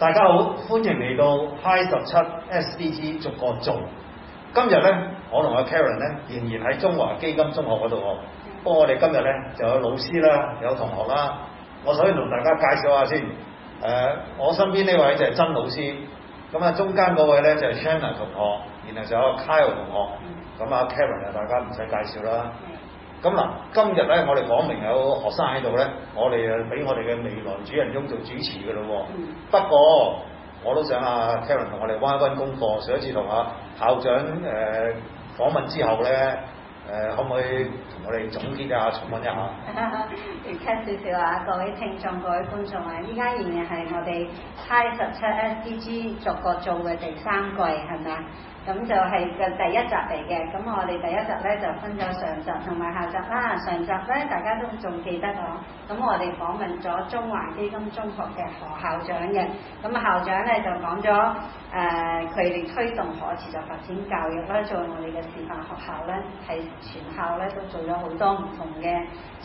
大家好，歡迎嚟到 High 十七 SDT 逐個做。今日咧，我同阿 Karen 咧仍然喺中華基金中學嗰度學。不過我哋今日咧就有老師啦，有同學啦。我首先同大家介紹下先。誒、呃，我身邊呢位就係曾老師。咁啊，中間嗰位咧就係 Chandler 同學，然後就有 Kyle 同學。咁阿 Karen 又大家唔使介紹啦。咁嗱，今日咧我哋講明有學生喺度咧，我哋誒俾我哋嘅未來主人翁做主持嘅咯喎。不過我都想啊，Karen 同我哋溫一温功課，上一次同啊校長誒訪問之後咧。誒，可唔可以同我哋總結一下、重温一下？哈哈，聽少少啊！各位聽眾、各位觀眾啊，依家仍然係我哋七十七 SDG 逐個做嘅第三季係咪啊？咁就係嘅第一集嚟嘅。咁我哋第一集咧就分咗上集同埋下集啦、啊。上集咧大家都仲記得、啊、我。咁我哋訪問咗中華基金中學嘅何校長嘅。咁校長咧就講咗。誒，佢哋、呃、推動可持續發展教育啦，作為我哋嘅示範學校咧，係全校咧都做咗好多唔同嘅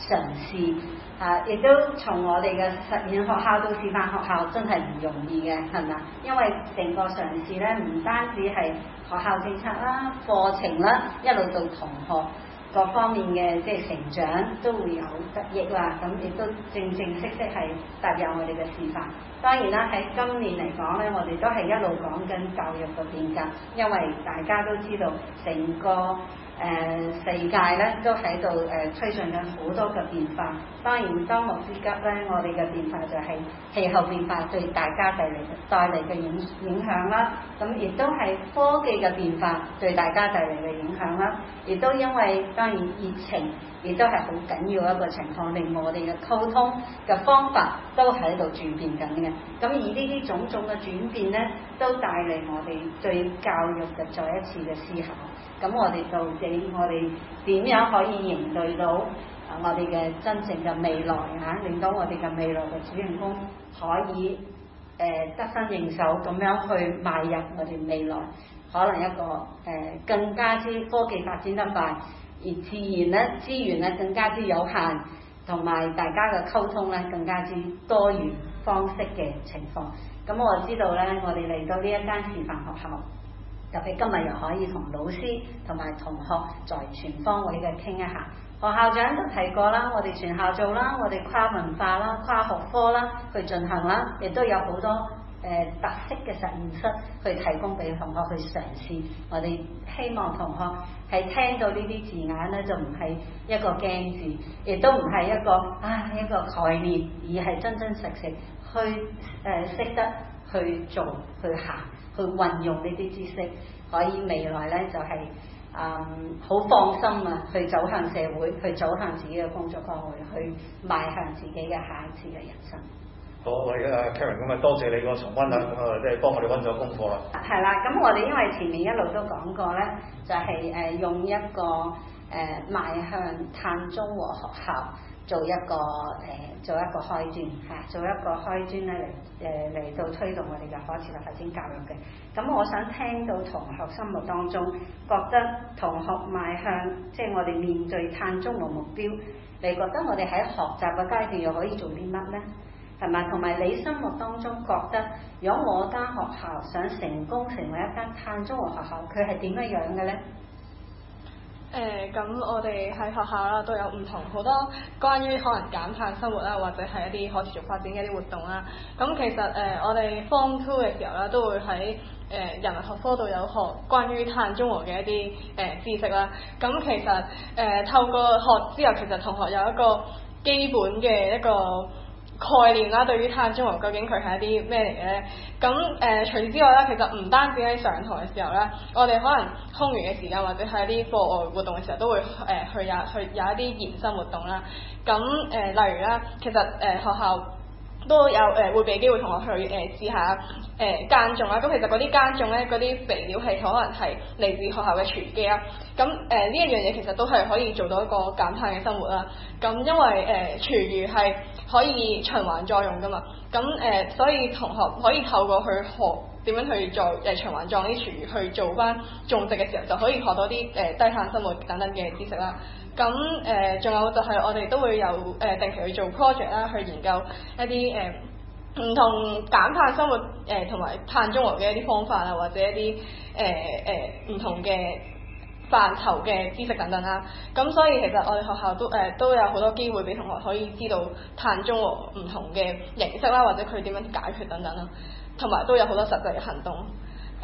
嘗試，嚇、啊，亦都從我哋嘅實驗學校到示範學校，真係唔容易嘅，係咪啊？因為成個嘗試咧，唔單止係學校政策啦、課程啦，一路到同學。各方面嘅即係成長都會有得益啦，咁亦都正正式式係踏入我哋嘅視範。當然啦，喺今年嚟講咧，我哋都係一路講緊教育嘅變革，因為大家都知道成個。誒、呃、世界咧都喺度誒推進緊好多嘅變化，當然當務之急咧，我哋嘅變化就係氣候變化對大家帶嚟帶嚟嘅影影響啦，咁、啊、亦都係科技嘅變化對大家帶嚟嘅影響啦，亦、啊、都因為當然疫情。亦都係好緊要一個情況，令我哋嘅溝通嘅方法都喺度轉變緊嘅。咁而呢啲種種嘅轉變呢，都帶嚟我哋對教育嘅再一次嘅思考。咁我哋到底我哋點樣可以應對到啊？我哋嘅真正嘅未來嚇、啊，令到我哋嘅未來嘅主人公可以、呃、得心應手咁樣去邁入我哋未來可能一個誒、呃、更加之科技發展得快。而自然咧資源咧更加之有限，同埋大家嘅溝通咧更加之多元方式嘅情況。咁我知道咧，我哋嚟到呢一間示範學校，特別今日又可以同老師同埋同學在全方位嘅傾一下。學校長都提過啦，我哋全校做啦，我哋跨文化啦、跨學科啦去進行啦，亦都有好多。誒特色嘅實驗室去提供俾同學去嘗試，我哋希望同學係聽到呢啲字眼咧，就唔係一個驚字，亦都唔係一個啊一個概念，而係真真實實去誒識、呃、得去做、去行、去運用呢啲知識，可以未來咧就係啊好放心啊，去走向社會，去走向自己嘅工作崗位，去邁向自己嘅下一次嘅人生。好，我 Ken 咁啊多謝你個重溫啦，誒即係幫我哋温咗功課啦。係啦，咁我哋因為前面一路都講過咧，就係、是、誒用一個誒邁、呃、向碳中和學校做一個誒做一個開端嚇，做一個開端咧嚟誒嚟到推動我哋嘅可持續發展教育嘅。咁我想聽到同學心目當中覺得同學邁向即係、就是、我哋面對碳中和目標，你覺得我哋喺學習嘅階段又可以做啲乜咧？係埋，同埋你心目當中覺得，如果我間學校想成功成為一間碳中和學校，佢係點樣樣嘅咧？誒、呃，咁我哋喺學校啦，都有唔同好多關於可能減碳生活啦，或者係一啲可持續發展嘅一啲活動啦。咁其實誒、呃，我哋 form two 嘅時候啦，都會喺誒、呃、人文學科度有學關於碳中和嘅一啲誒、呃、知識啦。咁其實誒、呃、透過學之後，其實同學有一個基本嘅一個。概念啦、啊，對於碳中和究竟佢係一啲咩嚟嘅咧？咁誒、呃，除此之外咧，其實唔單止喺上堂嘅時候咧，我哋可能空餘嘅時間或者係一啲課外活動嘅時候都會誒、呃、去也去，去有一啲延伸活動啦。咁誒、呃，例如啦，其實誒、呃、學校都有誒、呃、會俾機會同我哋去誒試、呃、下誒耕、呃、種啦、啊。咁其實嗰啲耕種咧，嗰啲肥料係可能係嚟自學校嘅廚餘啦。咁誒呢一樣嘢其實都係可以做到一個減碳嘅生活啦。咁因為誒廚餘係，呃可以循環作用㗎嘛？咁誒、呃，所以同學可以透過去學點樣去做誒、呃、循環再啲廚餘，去做翻種植嘅時候就可以學到啲誒、呃、低碳生活等等嘅知識啦。咁誒，仲、呃、有就係我哋都會有誒、呃、定期去做 project 啦，去研究一啲誒唔同減碳生活誒同埋碳中和嘅一啲方法啊，或者一啲誒誒唔同嘅。範疇嘅知識等等啦，咁所以其實我哋學校都誒、呃、都有好多機會俾同學可以知道碳中和唔同嘅形式啦，或者佢點樣解決等等啦，同埋都有好多實際嘅行動。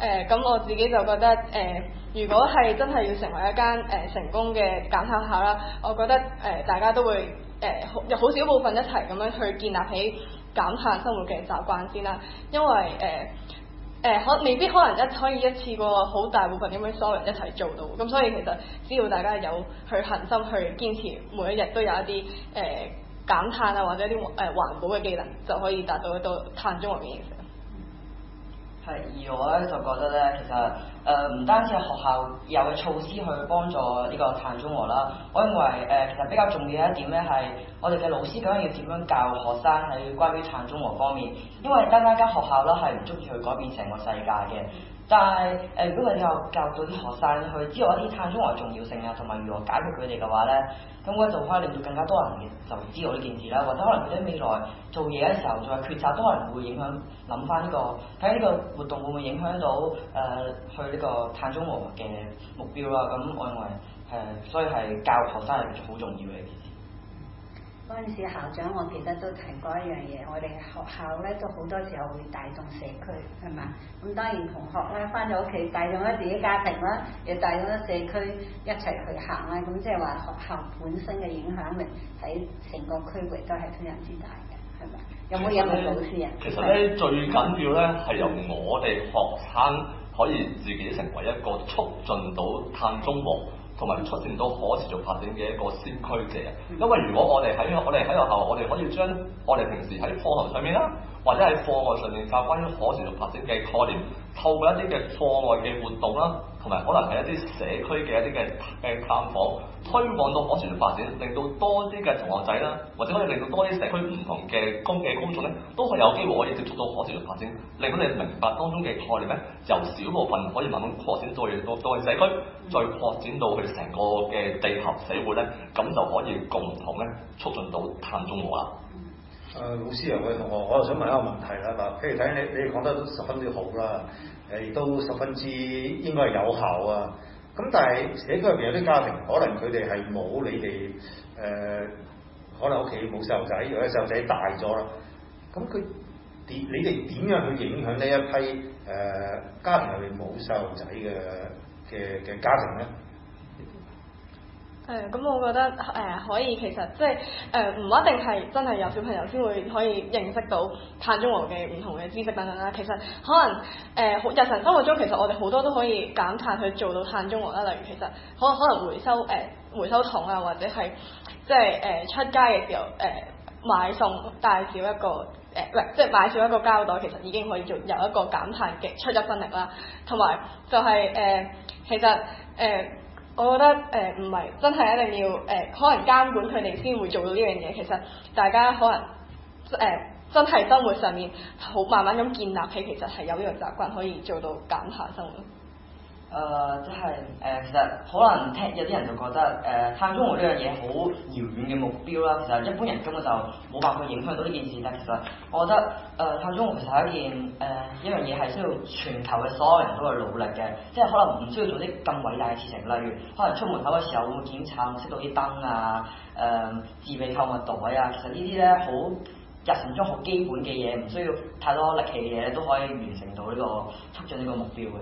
誒、呃、咁我自己就覺得誒、呃，如果係真係要成為一間誒、呃、成功嘅減碳學校啦，我覺得誒、呃、大家都會誒有好少部分一齊咁樣去建立起減碳生活嘅習慣先啦，因為誒，呃誒可未必可能一可以一次過好大部分因為所有人一齊做到，咁所以其實只要大家有去恒心去堅持每一日都有一啲誒減碳啊或者一啲誒環保嘅技能，就可以達到一個碳中和嘅形式。係，而我咧就覺得咧，其實誒唔、呃、單止係學校有嘅措施去幫助呢個碳中和啦，我認為誒、呃、其實比較重要一點咧係，我哋嘅老師究竟要點樣教學生喺關於碳中和方面，因為單單間學校啦係唔足以去改變成個世界嘅。但係，誒、呃，如果我哋教，教到啲學生去知道一啲碳中和重要性啊，同埋如何解決佢哋嘅話咧，咁我哋就可以令到更加多人就知道呢件事啦。或者可能佢哋未來做嘢嘅時候，就再決策都可能會影響諗翻呢個，睇呢個活動會唔會影響到誒、呃、去呢個碳中和嘅目標啦。咁我認為誒、呃，所以係教育學生係好重要嘅。嗰陣時校長我記得都提過一樣嘢，我哋學校咧都好多時候會帶動社區，係嘛？咁當然同學咧翻咗屋企，帶動咗自己家庭啦，又帶動咗社區一齊去行啦。咁即係話學校本身嘅影響力喺成個區域都係非常之大嘅，係咪？近有冇任老師啊？其實咧，是最緊要咧係由我哋學生可以自己成為一個促進到碳中和。同埋出現到可持續發展嘅一個先驅者，因為如果我哋喺我哋喺學校，我哋可以將我哋平時喺課堂上面啦，或者係課外上面教關於可持續發展嘅概念，透過一啲嘅課外嘅活動啦。同埋可能係一啲社區嘅一啲嘅嘅探訪，推廣到可持續發展，令到多啲嘅同學仔啦，或者可以令到多啲社區唔同嘅公嘅公眾咧，都係有機會可以接觸到可持續發展，令到你明白當中嘅概念咧，由小部分可以慢慢擴展到越多社區，再擴展到佢成個嘅地球社會咧，咁就可以共同咧促進到碳中和啦。誒、呃，老師啊，我同學，我又想問一個問題啦，嗱、嗯，譬如睇你你講得都十分之好啦。係都十分之應該係有效啊！咁但係社區入邊有啲家庭，可能佢哋係冇你哋誒、呃，可能屋企冇細路仔，或者細路仔大咗啦。咁佢點？你哋點樣去影響呢一批誒、呃、家庭入邊冇細路仔嘅嘅嘅家庭咧？誒咁、嗯、我覺得誒、呃、可以其實即係誒唔一定係真係有小朋友先會可以認識到碳中和嘅唔同嘅知識等等啦。其實可能誒、呃、日常生活中其實我哋好多都可以減碳去做到碳中和啦。例如其實可可能回收誒、呃、回收桶啊，或者係即係誒、呃、出街嘅時候誒、呃、買餸帶少一個誒，唔、呃、即係買少一個膠袋，其實已經可以做有一個減碳嘅出一分力啦。同埋就係、是、誒、呃、其實誒。呃呃我覺得誒唔係真係一定要誒、呃、可能監管佢哋先會做到呢樣嘢。其實大家可能誒、呃、真係生活上面好慢慢咁建立起，其實係有呢個習慣可以做到減，減下生活。誒，即係誒，其實可能聽有啲人就覺得誒碳中和呢樣嘢好遙遠嘅目標啦。其實一般人根本就冇辦法影響到呢件事。但其實我覺得誒碳中和其實係一件誒一樣嘢係需要全球嘅所有人都去努力嘅。即係可能唔需要做啲咁偉大嘅事情，例如可能出門口嘅時候會檢查熄到啲燈啊，誒、呃、自備購物袋啊。其實呢啲咧好日常中好基本嘅嘢，唔需要太多力氣嘅嘢，都可以完成到呢個促進呢個目標嘅。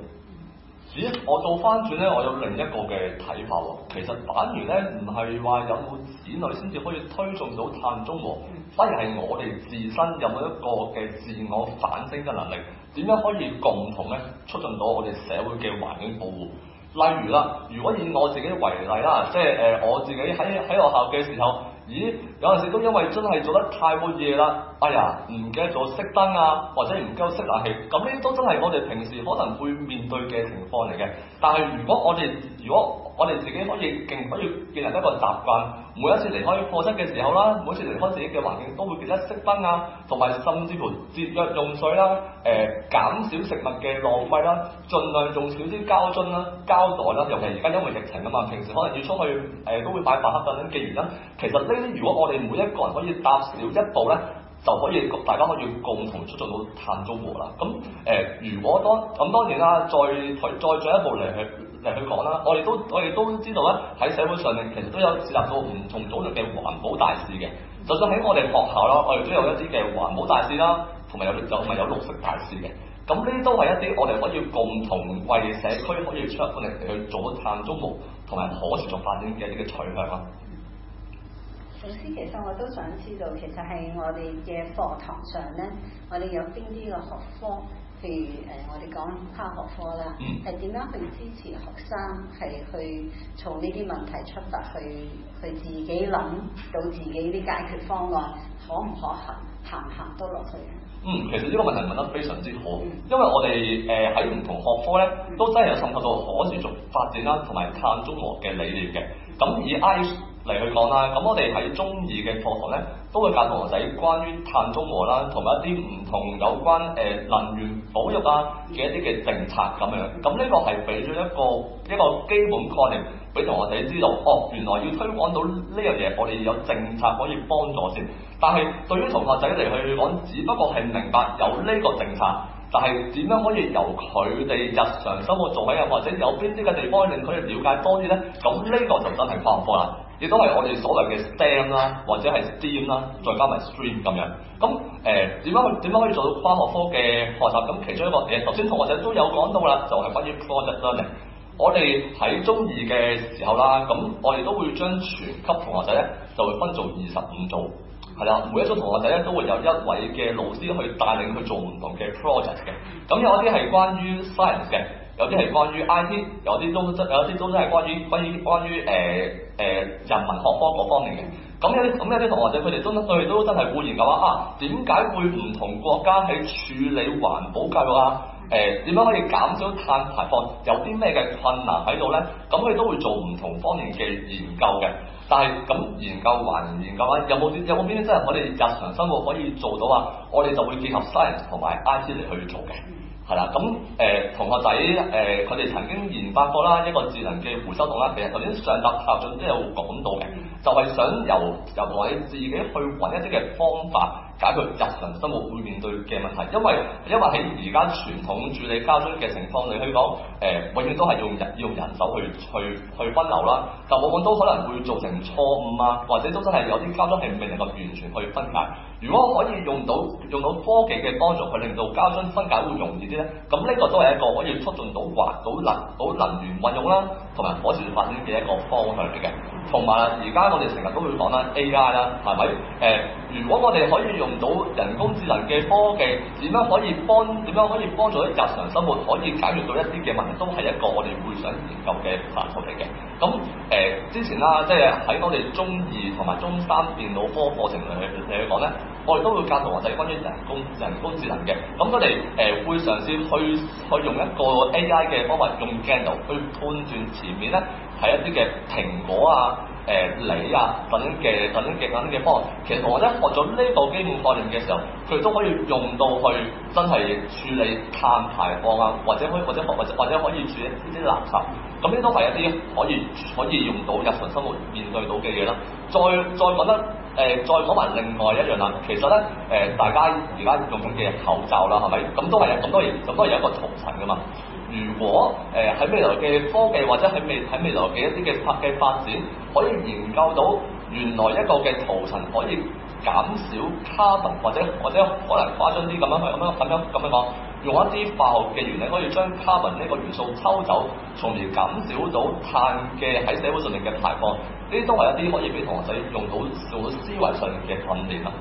咦，我做翻轉咧，我有另一個嘅睇法喎。其實反而咧，唔係話有冇子女先至可以推動到碳中和，反而係我哋自身有冇一個嘅自我反省嘅能力，點樣可以共同咧促進到我哋社會嘅環境保護。例如啦，如果以我自己為例啦，即係誒、呃、我自己喺喺學校嘅時候。咦，有陣時都因為真係做得太過夜啦，哎呀，唔記得咗熄燈啊，或者唔夠熄冷氣。咁呢啲都真係我哋平時可能會面對嘅情況嚟嘅。但係如果我哋如果，我哋自己可以勁可以建立一個習慣，每一次離開課室嘅時候啦，每一次離開自己嘅環境都會記得熄燈啊，同埋甚至乎節約用水啦，誒、呃、減少食物嘅浪費啦，儘量用少啲膠樽啦、膠袋啦，尤其而家因為疫情啊嘛，平時可能要出去誒、呃、都會買飯盒嘅咧，既然啦，其實呢啲如果我哋每一個人可以搭少一步咧。就可以大家可以共同促進到碳中和啦。咁誒、呃，如果當咁當然啦，再再進一步嚟去嚟去講啦，我哋都我哋都知道咧，喺社會上面其實都有涉及到唔同種類嘅環保大使嘅。就算喺我哋學校啦，我哋都有一啲嘅環保大使啦，同埋有就係有綠色大使嘅。咁呢都係一啲我哋可以共同為社區可以出一份力去做碳中和同埋可持續發展嘅一啲嘅取向啦。老師，其實我都想知道，其實喺我哋嘅課堂上咧，我哋有邊啲嘅學科，譬如誒、呃、我哋講跨學科啦，係點樣去支持學生係去從呢啲問題出發去去自己諗到自己啲解決方案，可唔可行行唔行得落去？嗯，其實呢個問題問得非常之好，嗯、因為我哋誒喺唔同學科咧，都真係有滲透到可持續發展啦，同埋碳中和嘅理念嘅。咁、嗯、以 I 嚟去講啦，咁我哋喺中二嘅課堂呢，都會教同學仔關於碳中和啦，同埋一啲唔同有關誒能源保育啊嘅一啲嘅政策咁樣。咁、這、呢個係俾咗一個一個基本概念，俾同學仔知道，哦，原來要推廣到呢樣嘢，我哋有政策可以幫助先。但係對於同學仔嚟去講，只不過係明白有呢個政策，但係點樣可以由佢哋日常生活做起啊，或者有邊啲嘅地方令佢哋了解多啲呢？咁呢個就真係跨唔課啦。亦都係我哋所謂嘅 STEM 啦，或者係 STEAM 啦，再加埋 stream 咁樣。咁誒點解佢點解可以做到跨學科嘅學習？咁其中一個嘢，呃、頭先同學仔都有講到啦，就係、是、關於 project learning。我哋喺中二嘅時候啦，咁我哋都會將全級同學仔咧就會分做二十五組，係啦，每一組同學仔咧都會有一位嘅老師去帶領佢做唔同嘅 project 嘅。咁有一啲係關於 science 嘅。有啲係關於 IT，有啲都真有啲都真係關於關於關於誒誒、呃呃、人民學科嗰方面嘅。咁有啲咁有啲同學仔，佢哋都佢哋都真係會研究啊，點解會唔同國家喺處理環保教育啊？誒點樣可以減少碳排放？有啲咩嘅困難喺度咧？咁佢都會做唔同方面嘅研究嘅。但係咁研究還研究啊？有冇啲有冇邊啲真係我哋日常生活可以做到啊？我哋就會結合 science 同埋 IT 嚟去做嘅，係啦。咁誒、呃、同學仔誒佢哋曾經研發過啦一個智能嘅回收桶啦。其實頭先上集校眾都有講到嘅，就係、是、想由由我自己去揾一啲嘅方法。解決日常生活會面對嘅問題，因為因為喺而家傳統處理膠樽嘅情況，你可以講誒，永遠都係用人用人手去去去分流啦，但往往都可能會造成錯誤啊，或者都真係有啲膠樽係未能夠完全去分解。如果可以用到用到科技嘅幫助，去令到膠樽分解會容易啲咧，咁呢個都係一個可以促進到滑到能到能源運用啦，同埋可持續發展嘅一個方向嚟嘅。同埋而家我哋成日都會講啦，AI 啦，係咪誒？呃如果我哋可以用到人工智能嘅科技，點樣可以幫點樣可以幫助啲日常生活，可以解決到一啲嘅問題，都係一個我哋會想研究嘅範疇嚟嘅。咁、嗯、誒、呃、之前啦，即係喺我哋中二同埋中三電腦科課程裡去講咧，我哋都會教同學仔關於人工人工智能嘅。咁我哋誒會嘗試去去用一個 AI 嘅方法，用鏡頭去判斷前面咧係一啲嘅蘋果啊。誒鋁、呃、啊，等嘅，等嘅，等嘅方，其實我一學咗呢部基本概念嘅時候，佢都可以用到去真係處理碳排放啊，或者可以，或者或者或者可以處理呢啲垃圾。咁呢都係一啲可以可以用到日常生活面對到嘅嘢啦。再再講誒，再講埋、呃、另外一樣啦。其實咧誒、呃，大家而家用緊嘅口罩啦，係咪？咁都係咁多樣咁多樣都一個圖層噶嘛。如果誒喺、呃、未來嘅科技或者喺未喺未來嘅一啲嘅嘅發展，可以研究到原來一個嘅圖層可以減少卡頓，或者或者可能化咗啲咁樣去咁樣咁樣咁樣講。用一啲化學嘅原理，可以將 Carbon 呢個元素抽走，從而減少到碳嘅喺社會上面嘅排放。呢啲都係一啲可以俾同學仔用到做思維上邊嘅訓練啦。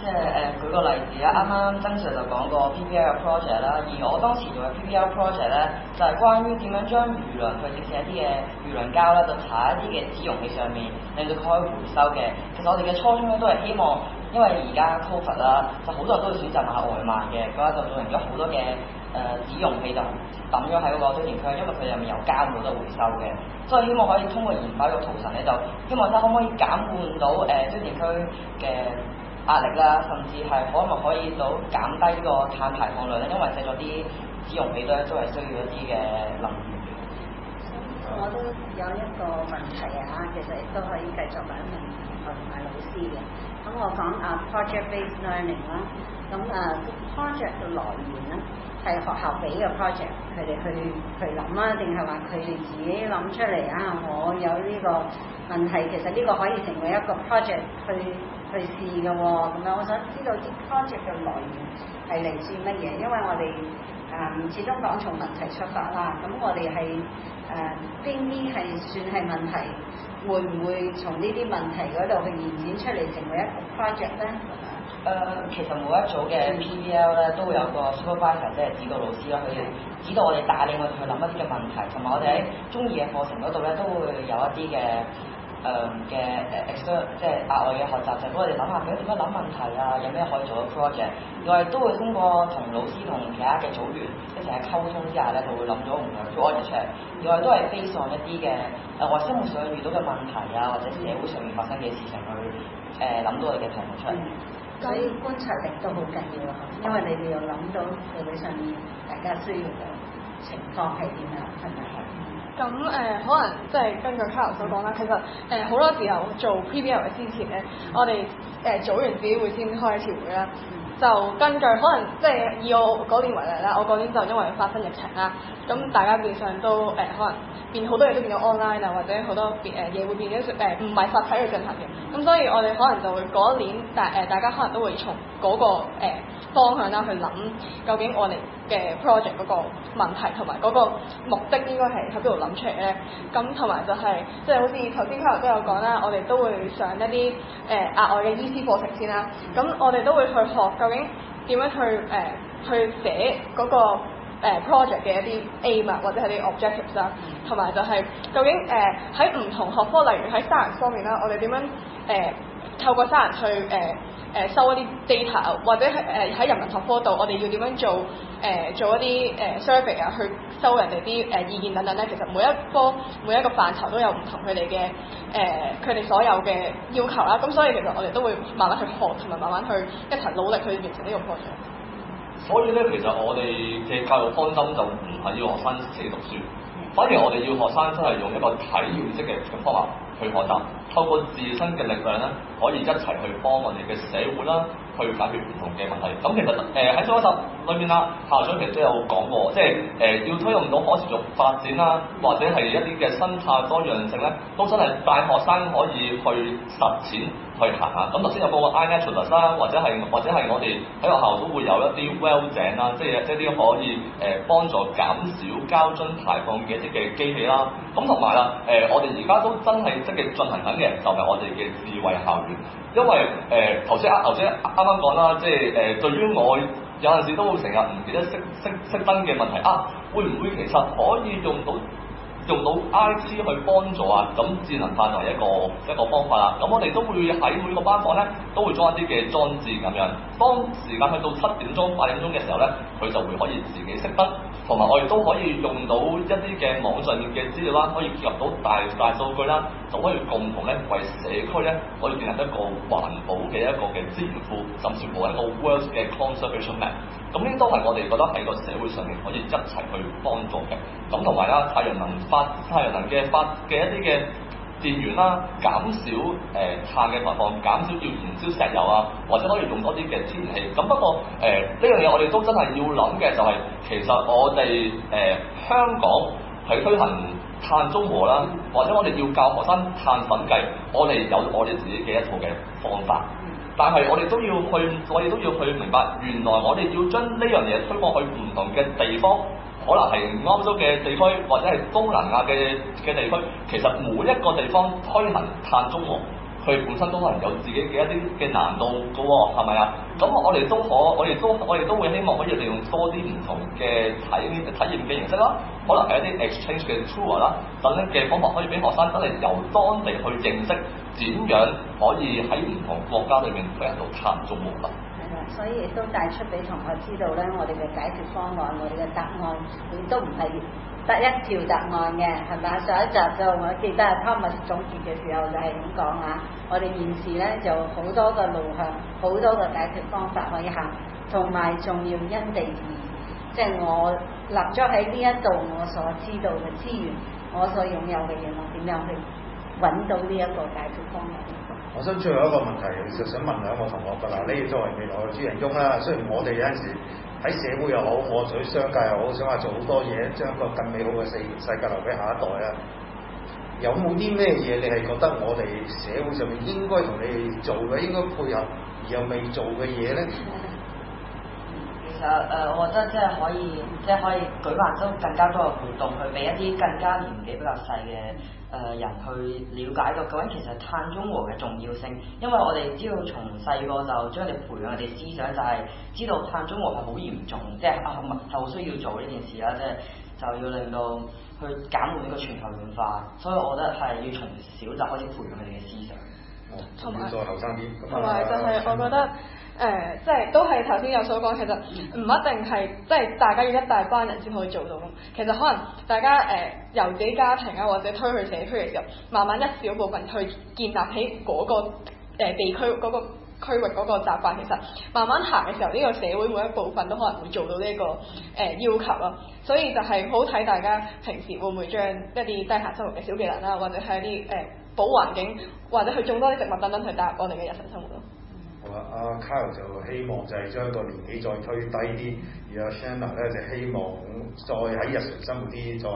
即係誒，舉個例子啦，啱啱曾 Sir 就講過 PPL project 啦，而我當時用嘅 PPL project 咧，就係關於點樣將魚鱗佢變成一啲嘅魚鱗膠啦，就搽一啲嘅紙容器上面，令到佢可以回收嘅。其實我哋嘅初衷咧，都係希望。因為而家 COVID 啦，就好多人都會選擇買外賣嘅，咁啊造成咗好多嘅誒紙用器就抌咗喺嗰個堆填區，因為佢入面有膠，冇得回收嘅。所以希望可以通過研發個途實咧，就希望睇下可唔可以減緩到誒堆填區嘅壓力啦，甚至係可唔可以到減低呢個碳排放量咧？因為製作啲紙用器都係都係需要一啲嘅能源。嗯、我都有一個問題啊，其實亦都可以繼續問一問同埋老師嘅。咁我講啊，project-based learning 啦、啊。咁啊，project 嘅來源咧，係學校俾個 project，佢哋去去諗啊，定係話佢哋自己諗出嚟啊？我有呢個問題，其實呢個可以成為一個 project 去去試嘅喎。咁啊，我想知道啲 project 嘅來源係嚟自乜嘢？因為我哋啊，um, 始終講從問題出發啦，咁我哋係誒邊啲係算係問題，會唔會從呢啲問題嗰度去延展出嚟成為一個 project 咧？誒、呃，其實每一組嘅 PBL 咧都會有個 supervisor、嗯、即係指導老師啦，佢哋指導我哋帶領我哋去諗一啲嘅問題，同埋我哋喺中二嘅課程嗰度咧都會有一啲嘅。誒嘅誒 extra 即係額外嘅學習，就係、是、幫你諗下點樣點樣諗問題啊，有咩可以做到 project，又係都會通過同老師同其他嘅組員一齊去溝通之下咧，就會諗到唔同嘅方案出嚟，又係都係 base on 一啲嘅誒生活上遇到嘅問題啊，或者社會上面發生嘅事情去誒諗、呃、到嘅題目出嚟、嗯。所以觀察力都好緊要啊，因為你哋要諗到社會上面大家需要嘅情況係點啊，係咪？咁誒、呃，可能即係根據卡 a 所講啦，其實誒好、呃、多時候做 PBL 之前咧，我哋誒、呃、組完自己會先開一次會啦。嗯、就根據可能即係以我年為例啦，我嗰年就因為發生疫情啦，咁大家面上都誒、呃、可能。變好多嘢都變咗 online 啊，或者好多誒嘢會變咗誒唔係實體去進行嘅，咁所以我哋可能就會嗰一年大誒大家可能都會從嗰、那個、呃、方向啦去諗究竟我哋嘅 project 嗰個問題同埋嗰個目的應該係喺邊度諗出嚟咧？咁同埋就係即係好似頭先 Kyle 都有講啦，我哋都會上一啲誒、呃、額外嘅 E.C 課程先啦。咁我哋都會去學究竟點樣去誒、呃、去寫嗰、那個。誒 project 嘅一啲 aim 啊，或者係啲 objectives 啦，就是，同埋就係究竟誒喺唔同學科，例如喺 science 方面啦，我哋點樣誒、呃、透過 science 去誒誒、呃呃、收一啲 data 或者係誒喺人文學科度，我哋要點樣做誒、呃、做一啲誒 survey 啊，去收人哋啲誒意見等等咧。其實每一科每一個範疇都有唔同佢哋嘅誒佢哋所有嘅要求啦。咁、啊、所以其實我哋都會慢慢去學，同埋慢慢去一齊努力去完成呢個 project。所以咧，其實我哋嘅教育方針就唔係要學生死讀書，反而我哋要學生真係用一個體驗式嘅方法去學習，透過自身嘅力量咧，可以一齊去幫我哋嘅社會啦。去解決唔同嘅問題，咁其實誒喺上一集裏面啊，校長其實都有講過，即係誒、呃、要推用到可持續發展啦，或者係一啲嘅生態多樣性咧，都真係大學生可以去實踐去行下。咁頭先有個 iNaturalist 啦，或者係或者係我哋喺學校都會有一啲 Well 井啦，即係即係啲可以誒、呃、幫助減少膠樽排放嘅一啲嘅機器啦。咁同埋啦，誒、呃、我哋而家都真係積極進行緊嘅，就係、是、我哋嘅智慧校園。因為誒頭先啊頭先啱啱講啦，即係誒、呃、對於我有陣時都會成日唔記得熄熄熄燈嘅問題啊，會唔會其實可以用到用到 I C 去幫助啊？咁智能化就係一個一個方法啦、啊。咁我哋都會喺每個班房咧都會裝一啲嘅裝置咁樣，當時間去到七點鐘八點鐘嘅時候咧，佢就會可以自己熄燈。同埋我哋都可以用到一啲嘅網上嘅資料啦，可以結合到大大數據啦，就可以共同咧為社區咧可以建立一個環保嘅一個嘅資源庫，甚至乎一個 World 嘅 Conservation Map。咁呢啲都係我哋覺得喺個社會上面可以一齊去幫助嘅。咁同埋啦，太陽能發太陽能嘅發嘅一啲嘅電源啦，減少誒碳嘅排放，減少要燃燒石油啊，或者可以用多啲嘅天然氣。咁不過誒呢樣嘢我哋都真係要諗嘅就係、是，其實我哋誒、呃、香港去推行碳中和啦，或者我哋要教學生碳粉計，我哋有我哋自己嘅一套嘅方法。但係我哋都要去，我哋都要去明白，原來我哋要將呢樣嘢推過去唔同嘅地方。可能係歐洲嘅地區，或者係東南亞嘅嘅地區，其實每一個地方推行碳中和，佢本身都可能有自己嘅一啲嘅難度嘅，係咪啊？咁我哋都可，我哋都我哋都，都會希望可以利用多啲唔同嘅體驗體驗嘅形式啦，可能係一啲 exchange 嘅 tour 啦等一嘅方法，可以俾學生得嚟由當地去認識點樣可以喺唔同國家裏面去做到碳中和啦。所以亦都帶出俾同學知道咧，我哋嘅解決方案，我哋嘅答案亦都唔係得一條答案嘅，係咪啊？上一集就我記得啊，潘物總結嘅時候就係咁講啊，我哋現時咧就好多個路向，好多嘅解決方法可以行，同埋仲要因地制宜，即係我立咗喺呢一度，我所知道嘅資源，我所擁有嘅嘢，我點樣去揾到呢一個解決方案？我想最後一個問題，其實想問兩個同學㗎啦。你作為未來嘅主人翁啦，雖然我哋有陣時喺社會又好，我哋喺商界又好，想話做好多嘢，將一個更美好嘅世世界留俾下一代啊。有冇啲咩嘢你係覺得我哋社會上面應該同你做嘅，應該配合而又未做嘅嘢咧？誒誒、呃，我覺得即係可以，即係可以舉辦更加多嘅活動，去俾一啲更加年紀比較細嘅誒人去了解到究竟其實碳中和嘅重要性。因為我哋只要從細個就將佢哋培養佢哋思想，就係知道碳中和係好嚴重，即係啊物就需要做呢件事啦，即係就要令到去減緩呢個全球暖化。所以我覺得係要從小就開始培養佢哋嘅思想。同埋有，同埋就係我覺得。誒、呃，即係都係頭先有所講，其實唔一定係即係大家要一大班人先可以做到咯。其實可能大家誒、呃、由自己家庭啊，或者推去社區嘅時候，慢慢一小部分去建立起、嗰個誒、呃、地區、嗰個區域個習慣，其實慢慢行嘅時候，呢個社會每一部分都可能會做到呢個誒、呃、要求咯。所以就係好睇大家平時會唔會將一啲低下生活嘅小技能啦，或者係一啲誒、呃、保環境或者去種多啲植物等等，等，等，去帶入我哋嘅日常生活。阿 Carol 就希望就係將個年紀再推低啲，而阿 Shanna 咧就希望再喺日常生活啲再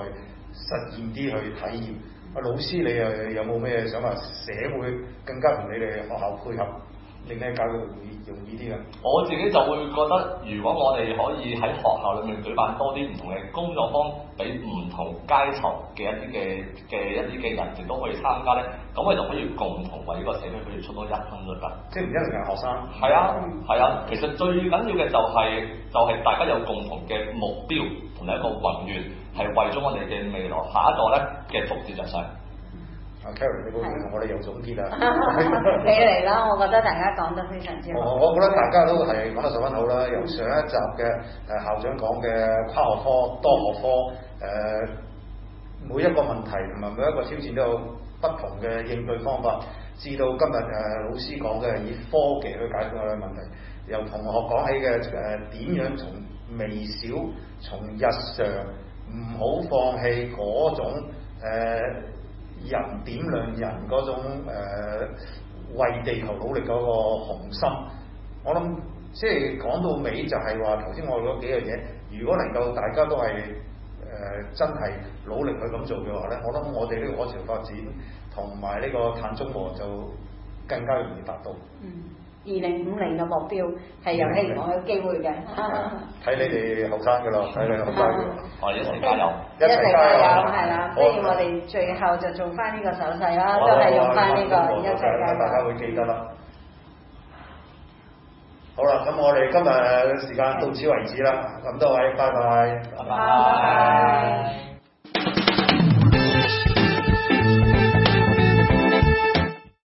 實驗啲去體驗。阿、啊、老師，你又有冇咩想話社會更加同你哋學校配合？令你教育會容易啲啊？我自己就會覺得，如果我哋可以喺學校裏面舉辦多啲唔同嘅工作坊，俾唔同階層嘅一啲嘅嘅一啲嘅人士都可以參加咧，咁我就可以共同為呢、啊這個社區佢哋出多一分力。即係唔一定係學生。係啊，係、嗯、啊，其實最緊要嘅就係、是、就係、是、大家有共同嘅目標同埋一個宏願，係為咗我哋嘅未來下一代咧嘅福祉着想。Kelly，你嗰段我哋又總結啊，你嚟啦！我覺得大家講得非常之好。我我覺得大家都係講得十分好啦。由上一集嘅誒、呃、校長講嘅跨學科、多學科，誒、呃、每一個問題同埋每一個挑戰都有不同嘅應對方法，至到今日誒、呃、老師講嘅以科技去解決我哋問題，由同學講起嘅誒點樣從微小、從日常，唔好放棄嗰種、呃人點亮人嗰種誒、呃、為地球努力嗰個雄心，我諗即係講到尾就係話，頭先我嗰幾樣嘢，如果能夠大家都係誒、呃、真係努力去咁做嘅話咧，我諗我哋呢個可持續發展同埋呢個碳中和就更加容易達到。嗯二零五零嘅目標係有希望嘅機會嘅，睇你哋後生嘅咯，睇你後生嘅，一齊加油，一齊加油，係啦，不如我哋最後就做翻呢個手勢啦，都係用翻呢個一齊加油，大家會記得啦。好啦，咁我哋今日嘅時間到此為止啦，咁多位，拜拜，拜拜。